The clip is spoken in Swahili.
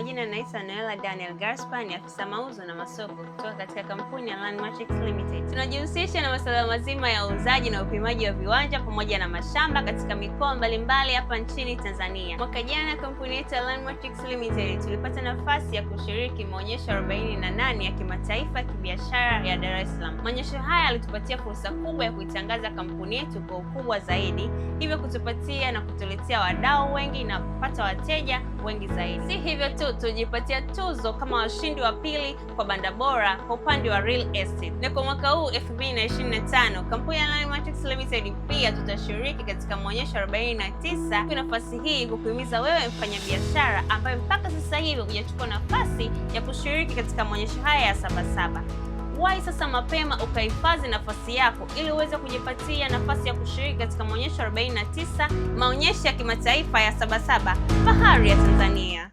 majina naitwa Noela Daniel Gaspar, ni afisa mauzo na masoko kutoka katika kampuni ya Landmatrix Limited. Tunajihusisha na masuala mazima ya uuzaji na upimaji wa viwanja pamoja na mashamba katika mikoa mbalimbali hapa nchini Tanzania. Mwaka jana kampuni yetu ya Landmatrix Limited tulipata nafasi ya kushiriki maonyesho 48 ya kimataifa ya kibiashara ya Dar es Salaam. Maonyesho haya yalitupatia fursa kubwa ya kuitangaza kampuni yetu kwa ukubwa zaidi, hivyo kutupatia na kutuletea wadau wengi na kupata wateja wengi zaidi. Si hivyo tu, tujipatia tuzo kama washindi wa pili kwa banda bora kwa upande wa real estate, na kwa mwaka huu 2025 kampuni ya Land Matrix Limited pia tutashiriki katika maonyesho 49. Kwa nafasi hii kukuhimiza wewe mfanyabiashara ambaye mpaka sasa hivi hujachukua nafasi ya kushiriki katika maonyesho haya ya Sabasaba Wahi sasa mapema ukahifadhi nafasi yako ili uweze kujipatia nafasi ya kushiriki katika maonyesho 49 maonyesho ya kimataifa ya Sabasaba, fahari ya Tanzania.